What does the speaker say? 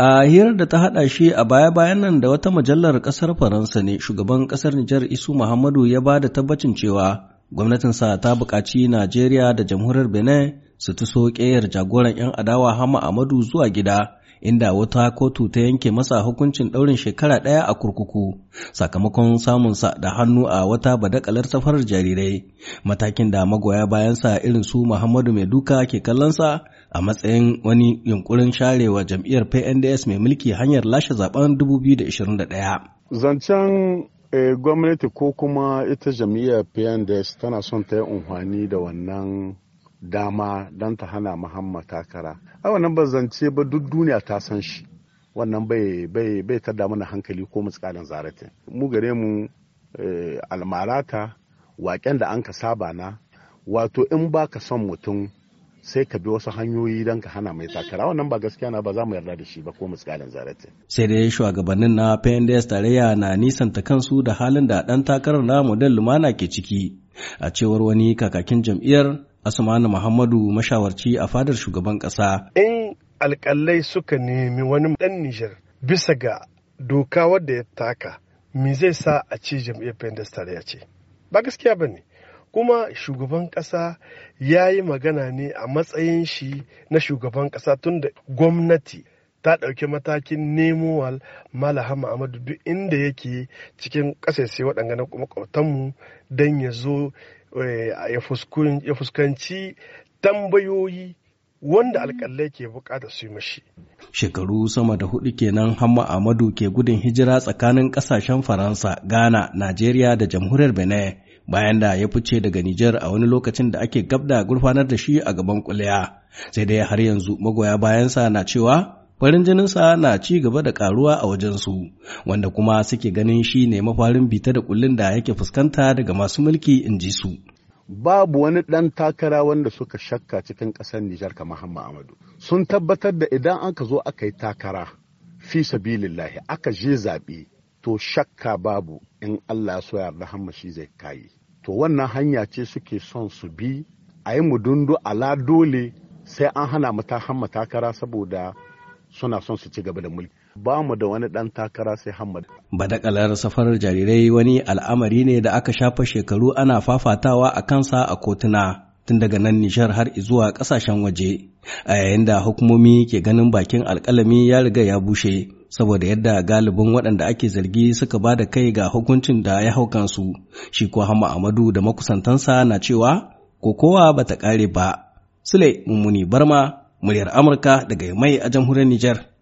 A hirar da ta haɗa shi a baya-bayan nan da wata mujallar ƙasar Faransa ne shugaban ƙasar Nijar Isu Muhammadu ya ba da tabbacin cewa gwamnatinsa ta buƙaci Najeriya da jamhuriyar Benin su tuso ƙeyar jagoran 'yan adawa Hama Amadu zuwa gida inda wata kotu ta yanke masa hukuncin ɗaurin shekara ɗaya a kurkuku sakamakon samunsa da hannu a wata badakalar safarar jarirai matakin da magoya bayansa irin su Muhammadu Mai Duka ke kallonsa a matsayin wani yunkurin sharewa jam'iyyar PNDS mai mulki hanyar lashe zaben 2021. Zancen eh, gwamnati ko kuma ita jam'iyyar PNDS tana son ta yi unhwani da wannan dama don ta hana Muhammad takara. A wannan ba zance ba duk duniya ta san shi. Wannan bai ta mana hankali ko mutskalin zarate. Mu gare mu eh, almarata waken da an ka saba na wato in ba ka son mutum sai ka bi wasu hanyoyi don ka hana mai takara wannan ba gaskiya na ba za mu yarda da shi ba ko miskalin zarate sai dai shugabannin na PNDS tarayya na nisanta kansu da halin da dan takarar na model lumana ke ciki a cewar wani kakakin jam'iyyar Asmanu Muhammadu mashawarci a fadar shugaban kasa in alkalai suka nemi wani dan Nijar bisa ga doka wadda ya taka me zai sa a ci jam'iyyar PNDS tarayya ce ba gaskiya ba ne. kuma shugaban ƙasa ya yi magana ne a matsayin shi na shugaban ƙasa tun da gwamnati ta ɗauki matakin nemowa malaha Muhammadu duk inda yake cikin ƙasashe waɗangana makwabtanmu don ya zo eh, ya fuskanci tambayoyi wanda alƙalai ke bukata su mashi. Shekaru sama da hudu kenan Hamma Ahmadu ke gudun hijira tsakanin ƙasashen Faransa, Ghana, Najeriya da jamhuriyar Benin. bayan da ya fice daga Nijar a wani lokacin da ake gab da gurfanar da shi a gaban kuliya. Sai dai har yanzu magoya bayansa na cewa farin jininsa na ci gaba da karuwa a wajen su, wanda kuma suke ganin shi ne mafarin bita da kullun da yake fuskanta daga masu mulki in ji su. Babu wani ɗan takara wanda suka shakka cikin ƙasar Nijar kamar Hamma Amadu. Sun tabbatar da idan aka zo aka yi takara fi sabilillahi aka je zaɓe to shakka babu in Allah ya soya rahama shi zai kayi to wannan hanya ce suke son su bi a yi mudundu ala dole sai an hana mu hamma takara saboda suna son su ci gaba da mulki ba mu da wani ɗan takara sai hamma badakalar safarar jarirai wani al'amari ne da aka shafa shekaru ana fafatawa a kansa a kotuna tun daga nan Nijar har zuwa kasashen waje a yayin da hukumomi ke ganin bakin alkalami ya riga ya bushe saboda yadda galibin waɗanda ake zargi suka ba da kai ga hukuncin da ya hau kansu shi ko hama amadu da makusantansa na cewa 'ko kowa ba ta ƙare ba sule mummuni barma muryar amurka daga mai a jamhuriyar nijar